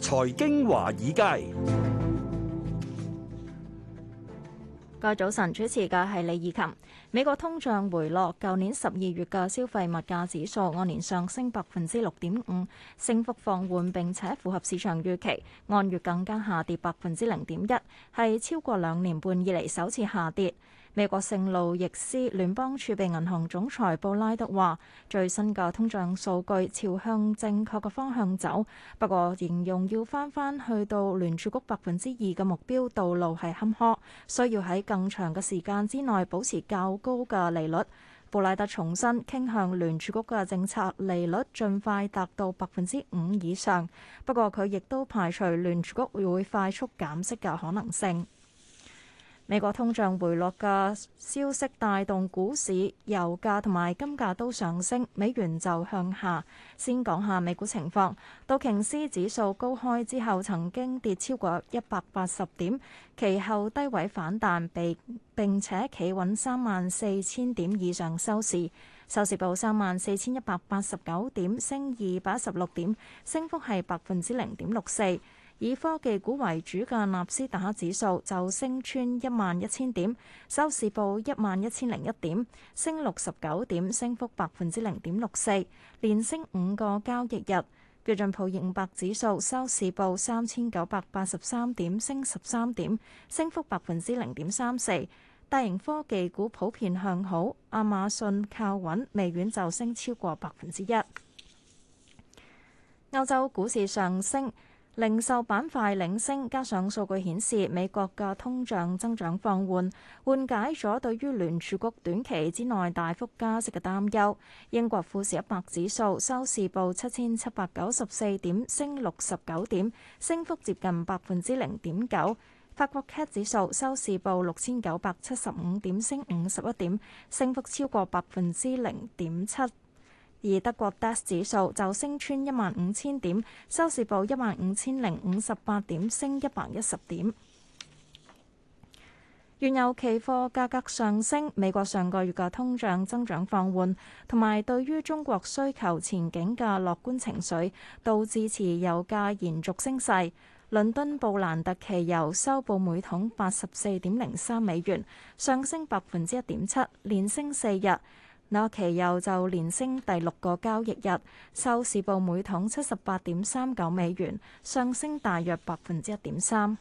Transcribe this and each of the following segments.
財經華爾街，各位早晨，主持嘅係李以琴。美國通脹回落，舊年十二月嘅消費物價指數按年上升百分之六點五，升幅放緩，並且符合市場預期。按月更加下跌百分之零點一，係超過兩年半以嚟首次下跌。美國聖路易斯聯邦儲備銀行總裁布拉德話：最新嘅通脹數據朝向正確嘅方向走，不過形容要返返去到聯儲局百分之二嘅目標道路係坎坷，需要喺更長嘅時間之內保持較高嘅利率。布拉德重申傾向聯儲局嘅政策利率盡快達到百分之五以上，不過佢亦都排除聯儲局會快速減息嘅可能性。美國通脹回落嘅消息帶動股市、油價同埋金價都上升，美元就向下。先講下美股情況，道瓊斯指數高開之後曾經跌超過一百八十點，其後低位反彈，被並且企穩三萬四千點以上收市，收市報三萬四千一百八十九點，升二百一十六點，升幅係百分之零點六四。以科技股為主嘅納斯達克指數就升穿一萬一千點，收市報一萬一千零一點，升六十九點，升幅百分之零點六四，連升五個交易日。標準普爾五百指數收市報三千九百八十三點，升十三點，升幅百分之零點三四。大型科技股普遍向好，亞馬遜靠穩，微軟就升超過百分之一。歐洲股市上升。零售板塊領升，加上數據顯示美國嘅通脹增長放緩，緩解咗對於聯儲局短期之內大幅加息嘅擔憂。英國富時一百指數收市報七千七百九十四點，升六十九點，升幅接近百分之零點九。法國 CAC 指數收市報六千九百七十五點，升五十一點，升幅超過百分之零點七。而德國 DAX 指數就升穿一萬五千點，收市報一萬五千零五十八點，升一百一十點。原油期貨價格上升，美國上個月嘅通脹增長放緩，同埋對於中國需求前景嘅樂觀情緒，導致持油價延續升勢。倫敦布蘭特期油收報每桶八十四點零三美元，上升百分之一點七，連升四日。那期又就連升第六個交易日，收市報每桶七十八點三九美元，上升大約百分之一點三。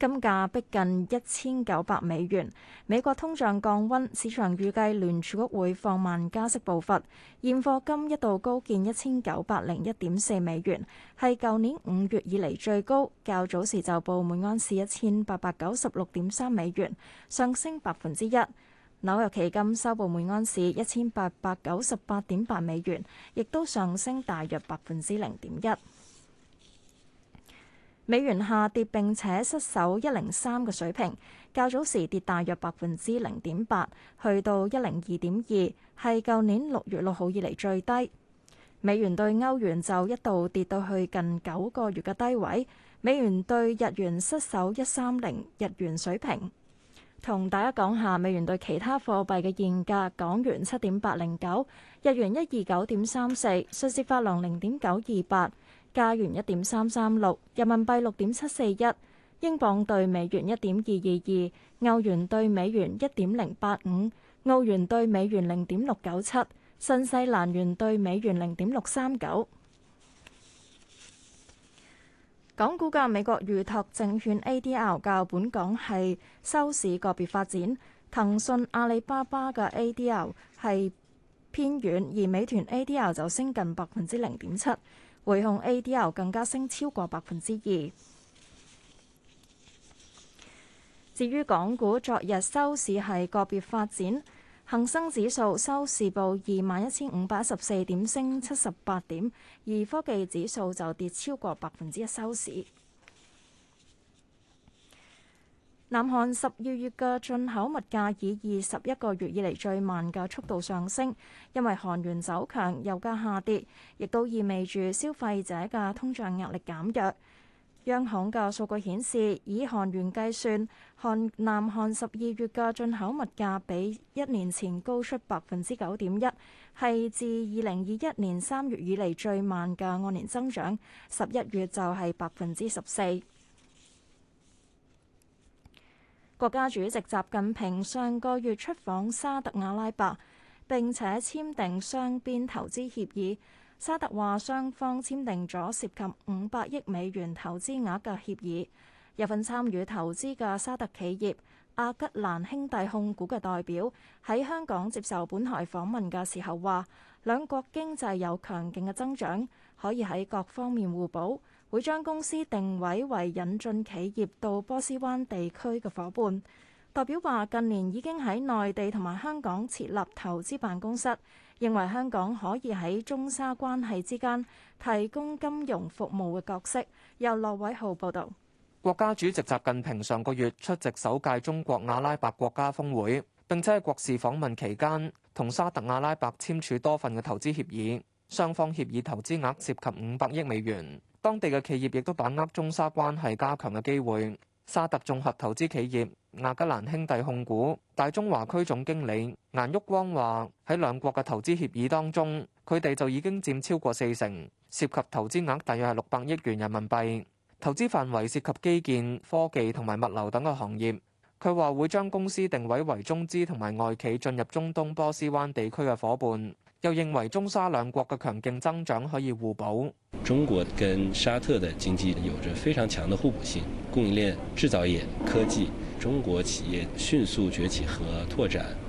金價逼近一千九百美元，美國通脹降溫，市場預計聯儲局會放慢加息步伐。現貨金一度高見一千九百零一點四美元，係舊年五月以嚟最高。較早時就報每安士一千八百九十六點三美元，上升百分之一。紐約期金收報每安士一千八百九十八點八美元，亦都上升大約百分之零點一。美元下跌並且失守一零三嘅水平，較早時跌大約百分之零點八，去到一零二點二，係舊年六月六號以嚟最低。美元對歐元就一度跌到去近九個月嘅低位，美元對日元失守一三零日元水平。同大家講下美元對其他貨幣嘅現價：港元七點八零九，日元一二九點三四，瑞士法郎零點九二八，加元一點三三六，人民幣六點七四一，英鎊對美元一點二二二，歐元對美元一點零八五，澳元對美元零點六九七，新西蘭元對美元零點六三九。港股嘅美國預託證券 ADL 較本港係收市個別發展，騰訊、阿里巴巴嘅 ADL 係偏軟，而美團 ADL 就升近百分之零點七，匯控 ADL 更加升超過百分之二。至於港股昨日收市係個別發展。恒生指數收市報二萬一千五百十四點，升七十八點。而科技指數就跌超過百分之一收市。南韓十二月嘅進口物價以二十一個月以嚟最慢嘅速度上升，因為韓元走強、油價下跌，亦都意味住消費者嘅通脹壓力減弱。央行嘅數據顯示，以韓元計算，韓南韓十二月嘅進口物價比一年前高出百分之九點一，係自二零二一年三月以嚟最慢嘅按年增長，十一月就係百分之十四。國家主席習近平上個月出訪沙特阿拉伯，並且簽訂雙邊投資協議。沙特話雙方簽訂咗涉及五百億美元投資額嘅協議。有份參與投資嘅沙特企業阿吉蘭兄弟控股嘅代表喺香港接受本台訪問嘅時候話，兩國經濟有強勁嘅增長，可以喺各方面互補，會將公司定位為引進企業到波斯灣地區嘅夥伴。代表話近年已經喺內地同埋香港設立投資辦公室。認為香港可以喺中沙關係之間提供金融服務嘅角色。由駱偉豪報道。國家主席習近平上個月出席首屆中國阿拉伯國家峰會，並且喺國事訪問期間同沙特阿拉伯簽署多份嘅投資協議，雙方協議投資額涉及五百億美元。當地嘅企業亦都把握中沙關係加強嘅機會。沙特綜合投資企業亞吉蘭兄弟控股大中華區總經理顏旭光話：喺兩國嘅投資協議當中，佢哋就已經佔超過四成，涉及投資額大約係六百億元人民幣。投資範圍涉及基建、科技同埋物流等嘅行業。佢話會將公司定位為中資同埋外企進入中東波斯灣地區嘅伙伴。又認為中沙兩國嘅強勁增長可以互補。中國跟沙特的經濟有著非常強的互補性，供應鏈、製造業、科技，中國企業迅速崛起和拓展。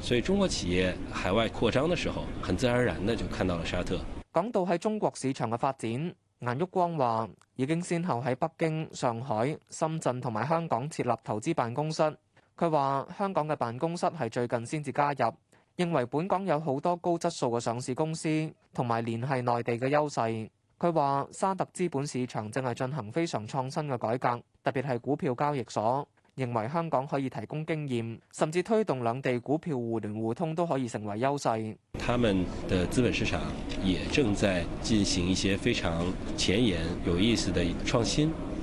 所以中國企業海外擴張嘅時候，很自然而然的就看到了沙特。講到喺中國市場嘅發展，顏旭光話已經先後喺北京、上海、深圳同埋香港設立投資辦公室。佢話香港嘅辦公室係最近先至加入，認為本港有好多高質素嘅上市公司，同埋聯繫內地嘅優勢。佢話沙特資本市場正係進行非常創新嘅改革，特別係股票交易所。認為香港可以提供經驗，甚至推動兩地股票互聯互通都可以成為優勢。他們的資本市場也正在進行一些非常前沿、有意思的創新。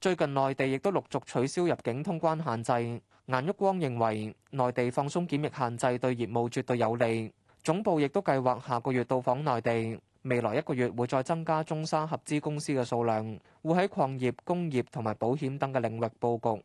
最近內地亦都陸續取消入境通關限制，顏旭光認為，內地放鬆檢疫限制對業務絕對有利。總部亦都計劃下個月到訪內地，未來一個月會再增加中山合資公司嘅數量，會喺礦業、工業同埋保險等嘅領域佈局。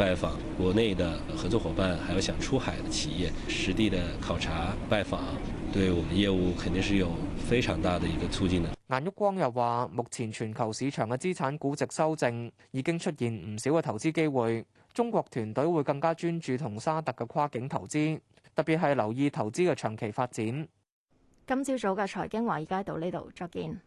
拜訪國內的合作夥伴，還有想出海的企業，實地的考察拜訪，對我們業務肯定是有非常大的一個促進的。顏旭光又話，目前全球市場嘅資產估值修正已經出現唔少嘅投資機會，中國團隊會更加專注同沙特嘅跨境投資，特別係留意投資嘅長期發展。今朝早嘅財經華爾街到呢度再見。